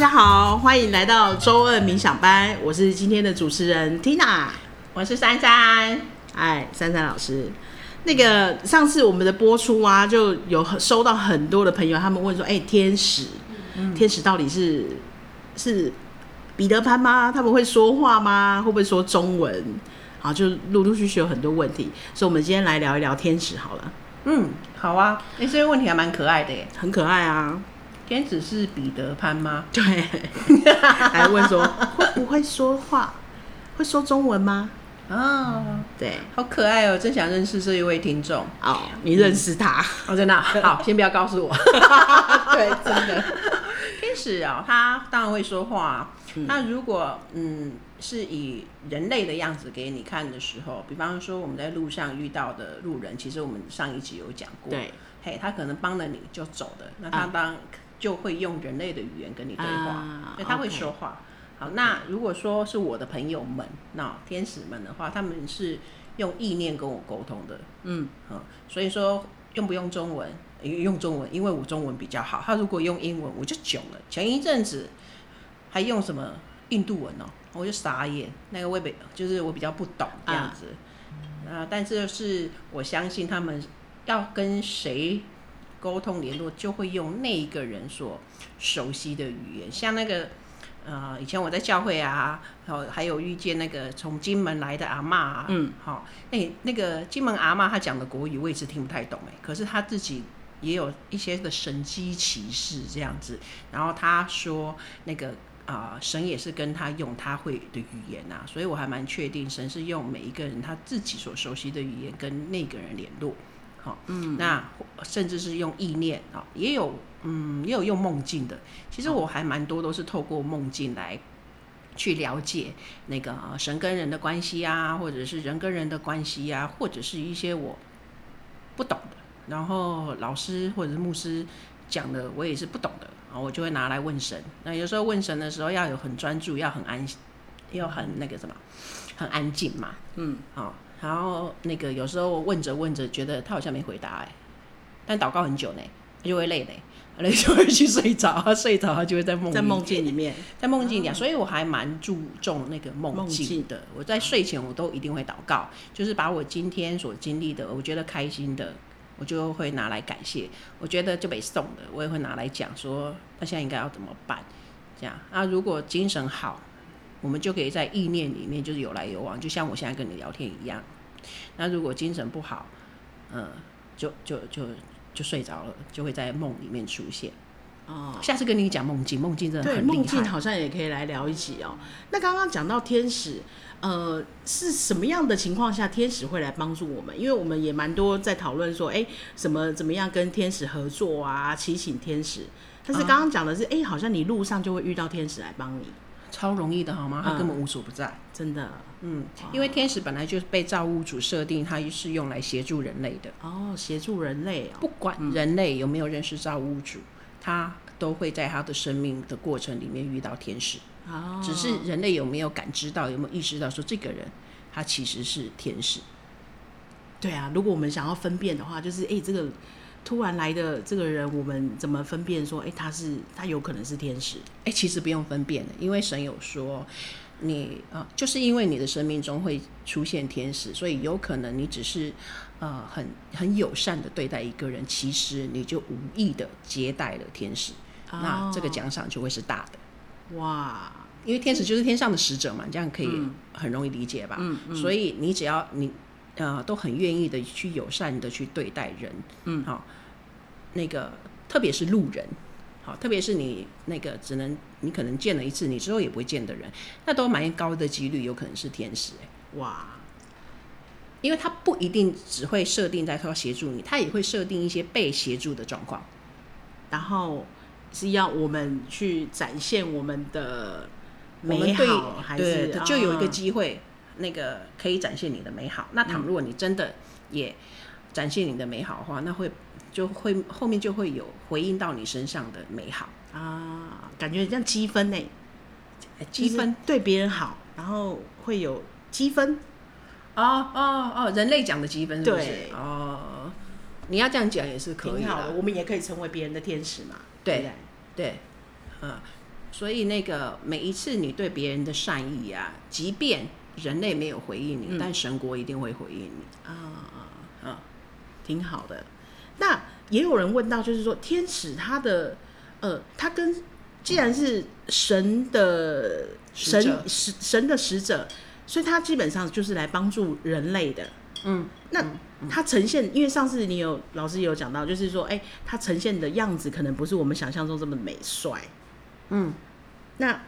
大家好，歡迎來到周二冥想班。我是今天的主持人 Tina，我是33，哎，33老師。那個上次我們的播出啊，就有收到很多的朋友，他們問說：“哎、欸，天使，天使到底是是彼得潘嗎？他們會說話嗎？會不會說中文？”好，就陸陸續續有很多問題，所以我們今天來聊一聊天使好了。嗯，好啊，哎、欸，這些問題還蠻可愛的耶，很可愛啊。天使是彼得潘嗎？對，還問說會不會說話，會說中文嗎？啊，對，好可愛哦，真想認識這一位聽眾哦。你認識他？我真的好，先不要告訴我。對，真的天使哦，他當然會說話。那如果嗯，是以人類的樣子給你看的時候，比方說我們在路上遇到的路人，其實我們上一集有講過，對，嘿，他可能幫了你就走的，那他當。就會用人類的語言跟你對話，啊、所以他會說話。Okay. 好，那如果說是我的朋友們，那 Okay. 天使們的話，他們是用意念跟我溝通的。嗯，嗯，所以說用不用中文？用中文，因為我中文比較好。他如果用英文，我就囧了。前一陣子還用什麼印度文哦、喔，我就傻眼。那個我比就是我比較不懂這樣子。啊，嗯、啊，但是是我相信他們要跟誰。溝通聯絡就會用那一個人所熟悉的語言，像那個呃，以前我在教會啊，哦、還有遇見那個從金門來的阿嬤。啊，嗯，好、哦，哎，那個金門阿嬤她講的國語我一直聽不太懂、欸，可是他自己也有一些的神蹟奇事這樣子，然後他說那個啊、呃，神也是跟他用他會的語言吶、啊，所以我還蠻確定神是用每一個人他自己所熟悉的語言跟那個人聯絡。嗯、哦，那甚至是用意念啊、哦，也有，嗯，也有用夢境的。其實我還蠻多都是透過夢境來去了解那個神跟人的關係啊，或者是人跟人的關係啊，或者是一些我不懂的。然後老師或者是牧師講的，我也是不懂的，啊、哦，我就會拿來問神。那有時候問神的時候要有很專注，要很安，要很那個什麼，很安靜嘛。嗯，好、哦。然後那個有時候問着問着覺得他好像沒回答哎。但禱告很久呢，他就會累呢，累就會去睡着他睡着他就會在夢裡，在夢境裡面，在夢境裡、嗯、所以我還蠻注重那個夢境的。境，我在睡前我都一定會禱告，嗯、就是把我今天所經歷的，我覺得開心的，我就會拿來感謝；我覺得就被送的，我也會拿來講說，他現在應該要怎麼辦？這樣啊，如果精神好。我們就可以在意念裡面，就是有來有往，就像我現在跟你聊天一樣。那如果精神不好，嗯，就就就就睡着了，就會在夢裡面出現。哦，下次跟你講夢境，夢境真的很厲害。夢境好像也可以來聊一集哦、喔。嗯、那剛剛講到天使，呃，是什麼樣的情況下天使會來幫助我們？因為我們也蠻多在討論說，誒、欸，什麼怎麼樣跟天使合作啊，祈請天使。但是剛剛講的是，誒、嗯欸，好像你路上就會遇到天使來幫你。超容易的，好嗎？他根本無所不在，嗯、真的。嗯，因為天使本來就是被造物主設定，他是用來協助人類的。哦，協助人類啊、哦！不管人類有沒有認識造物主，嗯、他都會在他的生命的過程裡面遇到天使。哦、只是人類有沒有感知到，有沒有意識到說這個人他其實是天使？對啊，如果我們想要分辨的話，就是哎、欸，這個。突然來的這個人，我們怎麼分辨說，誒、欸，他是他有可能是天使？誒、欸，其實不用分辨的，因為神有說，你呃，就是因為你的生命中會出現天使，所以有可能你只是呃很很友善的對待一個人，其實你就無意的接待了天使，哦、那這個獎賞就會是大的。哇，因為天使就是天上的使者嘛，嗯、這樣可以很容易理解吧？嗯嗯、所以你只要你。呃，都很願意的去友善的去對待人，嗯，好、哦，那個特別是路人，好、哦，特別是你那個只能你可能見了一次，你之後也不會見的人，那都蠻高的幾率有可能是天使哎。哇，因為他不一定只會設定在說協助你，他也會設定一些被協助的狀況，然後是要我們去展現我們的美好，我們對還是對、哦、就有一個機會。嗯那個可以展現你的美好。那倘若你真的也展現你的美好的話，那會就會後面就會有回應到你身上的美好啊。感覺像積分呢、欸？積分、欸、對別人好，然後會有積分。哦哦哦，人類講的積分是不是？對，哦，你要這樣講也是可以的。挺好，我們也可以成為別人的天使嘛。對對，嗯、呃，所以那個每一次你對別人的善意啊，即便。人類沒有回應你，嗯、但神國一定會回應你啊啊、哦哦，挺好的。那也有人問到，就是說天使他的呃，他跟既然是神的神、嗯、使，使神的使者，所以他基本上就是來幫助人類的。嗯，那他呈現，嗯、因為上次你有老師也有講到，就是說，哎、欸，他呈現的樣子可能不是我們想象中這麼美帥。嗯，那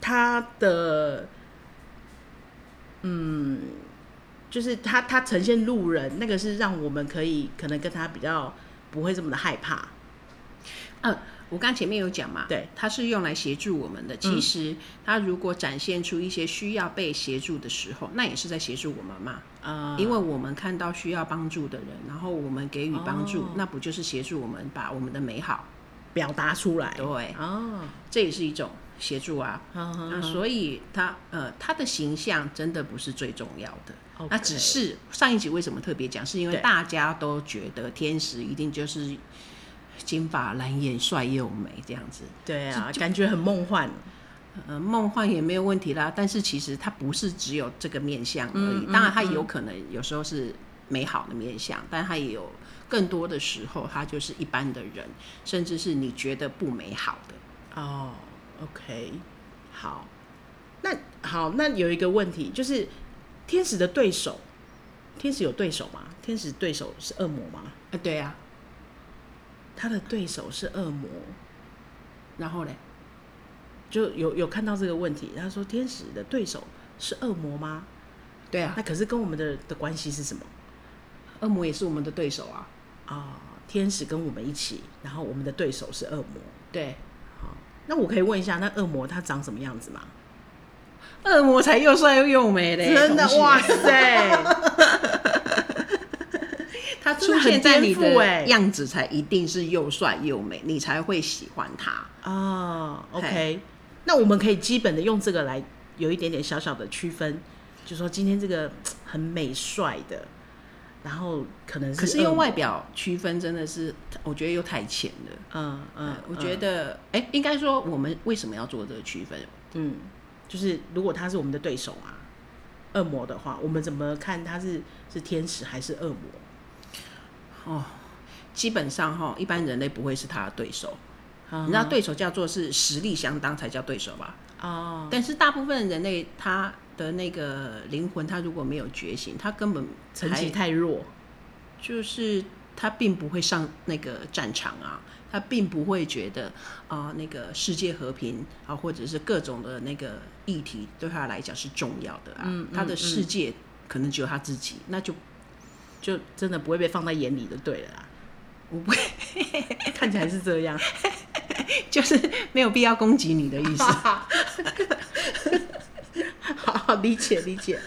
他的。嗯，就是他他呈現路人，那個是讓我們可以可能跟他比較不會這麼的害怕。嗯，我剛前面有講嘛，對，他是用來協助我們的。嗯、其實他如果展現出一些需要被協助的時候，那也是在協助我們嘛。啊、嗯，因為我們看到需要幫助的人，然後我們給予幫助，哦、那不就是協助我們把我們的美好表達出來？對，哦，這也是一種。協助啊，oh, oh, oh. 啊，所以他呃，他的形象真的不是最重要的。那只 Okay.、啊、是上一集為什麼特別講，是因為大家都覺得天使一定就是金髮藍眼、帥又美這樣子。對啊，就感覺很夢幻。夢、嗯呃、幻也沒有問題啦。但是其實他不是只有這個面相而已。嗯嗯、當然，他有可能有時候是美好的面相，嗯、但他也有更多的時候，他就是一般的人，甚至是你覺得不美好的。哦。OK，好，那好，那有一個問題，就是天使的對手，天使有對手嗎？天使對手是惡魔嗎？欸、對啊，對呀，他的對手是惡魔，然後呢，就有有看到這個問題，他說天使的對手是惡魔嗎？對啊，那可是跟我們的的關係是什麼？惡魔也是我們的對手啊，啊、哦，天使跟我們一起，然後我們的對手是惡魔，對。那我可以問一下，那惡魔他長什麼樣子嗎？惡魔才又帥又又美嘞！真的，同學。哇塞！他出現在你的樣子才一定是又帥又美，你才會喜歡他啊。Oh, OK，okay. 那我們可以基本的用這個來有一點點小小的區分，就說今天這個很美帥的，然後可能是，可是用外表區分真的是。我覺得又太淺了。嗯嗯，我覺得，哎、嗯欸，應該說我們為什麼要做這個區分？嗯，就是如果他是我們的對手啊，惡魔的話，我們怎麼看他是是天使還是惡魔？哦，基本上哈，一般人類不會是他的對手。Uh huh、你知道對手叫做是實力相當才叫對手吧？哦、uh，huh、但是大部分人類他的那個靈魂，他如果沒有覺醒，他根本層級太弱，就是。他並不會上那個戰場啊，他並不會覺得啊、呃，那個世界和平啊，或者是各種的那個議題，對他來講是重要的啊。嗯嗯嗯、他的世界可能只有他自己，那就就真的不會被放在眼裡就對了，我不會 看起來是這樣， 就是沒有必要攻擊你的意思。 好好，理解理解。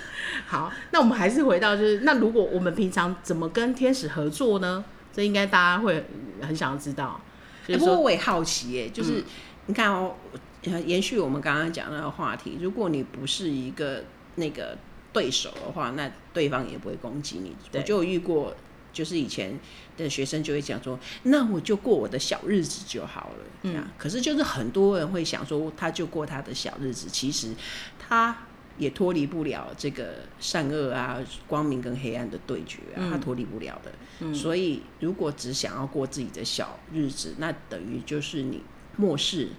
好，那我們還是回到就是，那如果我們平常怎麼跟天使合作呢？這應該大家會很想要知道、欸。不過我也好奇耶、欸，就是你看哦、喔，嗯、延續我們剛剛講那個話題，如果你不是一個那個對手的話，那對方也不會攻擊你。對我就遇過，就是以前的學生就會講說，那我就過我的小日子就好了這樣。嗯、可是就是很多人會想說，他就過他的小日子，其實他。也脫離不了這個善惡啊、光明跟黑暗的對決啊，嗯、他脫離不了的。嗯、所以，如果只想要過自己的小日子，那等於就是你漠視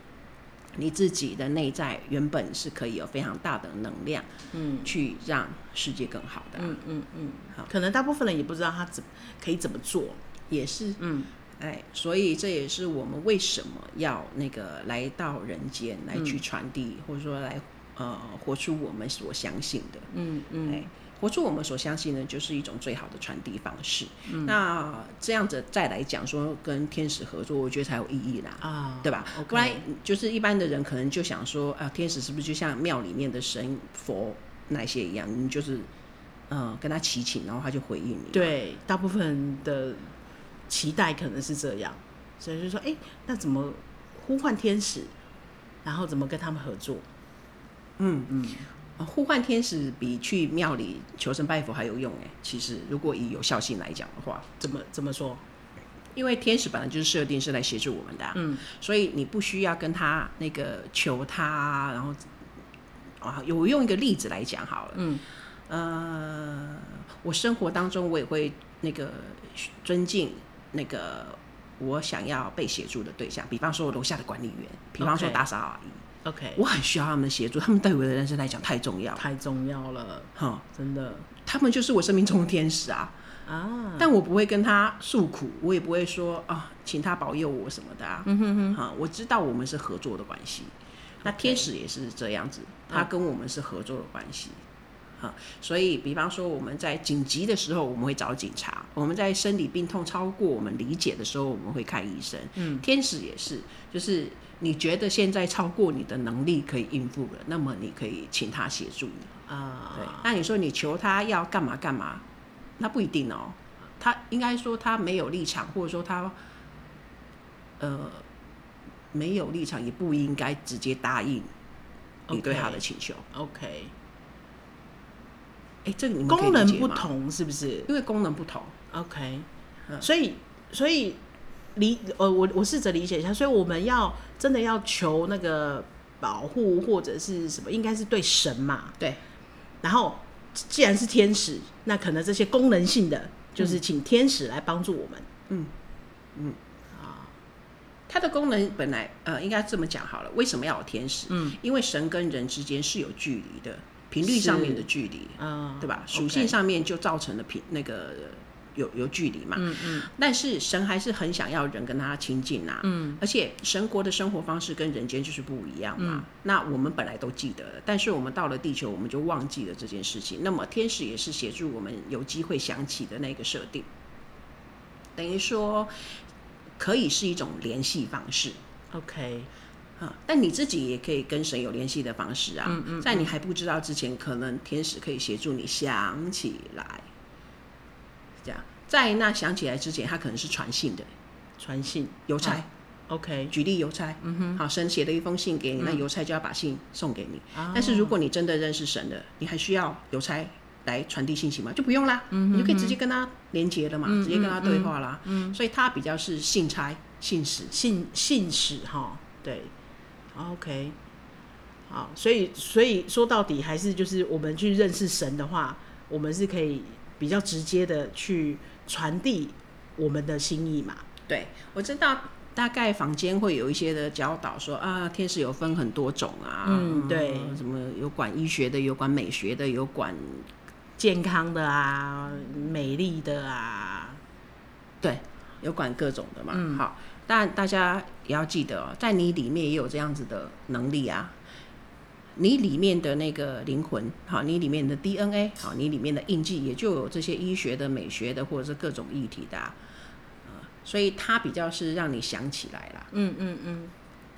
你自己的內在，原本是可以有非常大的能量，嗯，去讓世界更好的、啊嗯。嗯嗯嗯。好，可能大部分人也不知道他怎可以怎麼做，也是嗯，哎，所以這也是我們為什麼要那個來到人間來去傳遞，嗯、或者說來。呃，活出我們所相信的，嗯嗯、欸，活出我們所相信的，就是一種最好的傳遞方式。嗯、那這樣子再來講說，跟天使合作，我覺得才有意義啦，啊，對吧？原來 Okay. 就是一般的人可能就想說，啊、呃，天使是不是就像廟裡面的神佛那些一樣，你就是呃跟他祈請，然後他就回應你。對，大部分的期待可能是這樣，所以就說，哎、欸，那怎麼呼喚天使，然後怎麼跟他們合作？嗯嗯，呼喚天使比去廟裡求神拜佛還有用哎、欸。其實，如果以有效性來講的話，怎麼怎麼說？因為天使本來就是設定是來協助我們的、啊，嗯，所以你不需要跟他那個求他，然後啊，我用一個例子來講好了，嗯，呃，我生活當中我也會那個尊敬那個我想要被協助的對象，比方說我樓下的管理員，比方說打掃阿姨。Okay. Okay, 我很需要他們的協助，他們對我的人生來講太重要，太重要了，哈，嗯、真的，他們就是我生命中的天使啊，啊，但我不會跟他訴苦，我也不會說啊，請他保佑我什麼的啊，嗯哈、嗯，我知道我們是合作的關係，那天使也是這樣子，他跟我們是合作的關係。嗯啊、嗯，所以比方說我們在緊急的時候，我們會找警察；我們在生理病痛超過我們理解的時候，我們會看醫生。嗯，天使也是，就是你覺得現在超過你的能力可以應付了，那麼你可以請他協助你。啊，uh, 對。那你說你求他要幹嘛幹嘛，那不一定哦。他應該說他沒有立場，或者說他呃沒有立場，也不應該直接答應你對他的請求。OK, okay. 欸、這功能不同是不是？因為功能不同，OK。嗯、所以，所以理呃，我我試着理解一下。所以我們要、嗯、真的要求那個保護或者是什麼，應該是對神嘛？對。然後，既然是天使，那可能這些功能性的、嗯、就是請天使來幫助我們。嗯嗯，啊、嗯，它的功能本來呃，應該這麼講好了。為什麼要有天使？嗯、因為神跟人之間是有距離的。頻率上面的距離，啊，哦，對吧？屬性上面就造成了頻。嗯、那個有有距離嘛。嗯嗯。嗯，但是神還是很想要人跟他親近吶、啊。嗯。而且神國的生活方式跟人間就是不一樣嘛。嗯、那我們本來都記得了，但是我們到了地球，我們就忘記了這件事情。那麼天使也是協助我們有機會想起的那個設定，等於說可以是一種聯繫方式。OK、嗯。嗯嗯嗯但你自己也可以跟神有聯繫的方式啊，在你還不知道之前，可能天使可以協助你想起來，這樣，在那想起來之前，他可能是傳信的，傳信郵差，OK？舉例郵差，好，神寫了一封信給你，那郵差就要把信送給你。但是如果你真的認識神的，你還需要郵差來傳遞信息嗎？就不用啦，你就可以直接跟他連接了嘛，直接跟他對話啦。所以他比較是信差、信使、信信使哈，對。OK，好，所以所以說到底還是就是我們去認識神的話，我們是可以比較直接的去傳遞我們的心意嘛。對，我知道大概坊間會有一些的教導說，說啊，天使有分很多種啊，嗯、對，什麼有管醫學的，有管美學的，有管健康的啊，美麗的啊，對，有管各種的嘛，嗯、好。但大家也要記得、哦、在你裡面也有這樣子的能力啊，你裡面的那個靈魂，好，你裡面的 DNA，好，你裡面的印記，也就有這些醫學的、美學的，或者是各種議題的啊，啊、嗯，所以它比較是讓你想起來啦、嗯，嗯嗯嗯，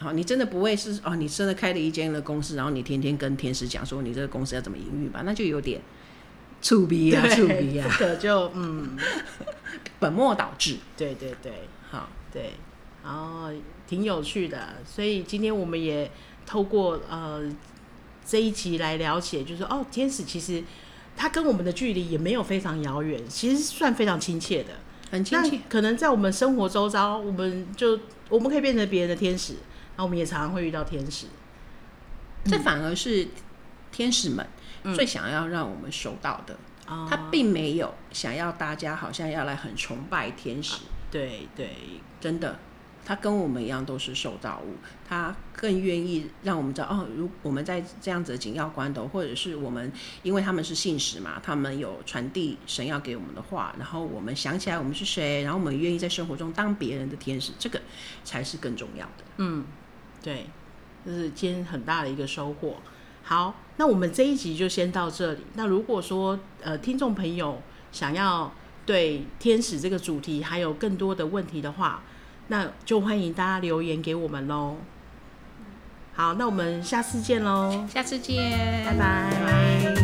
好、哦，你真的不會是哦，你真的開了一間的公司，然後你天天跟天使講說，你這個公司要怎麼營運吧，那就有點粗鄙啊，對啊，這個就嗯， 本末倒置，對，對對對，好，對。哦，挺有趣的，所以今天我們也透過呃這一集來了解，就是哦，天使其實他跟我們的距離也沒有非常遙遠，其實算非常親切的，很親切。那可能在我們生活周遭，我們就我們可以變成別人的天使，那我們也常常會遇到天使。嗯、這反而是天使們最想要讓我們收到的，嗯、他並沒有想要大家好像要來很崇拜天使，啊、對對，真的。他跟我們一樣都是受造物，他更願意讓我們知道哦，如我們在這樣子的緊要關頭，或者是我們，因為他們是信使嘛，他們有傳遞神要給我們的話，然後我們想起來我們是誰，然後我們願意在生活中當別人的天使，這個才是更重要的。嗯，對，這是今天很大的一個收穫。好，那我們這一集就先到這裡。那如果說呃聽眾朋友想要對天使這個主題還有更多的問題的話，那就歡迎大家留言給我們嘍。好，那我們下次見嘍！下次見，拜拜拜拜。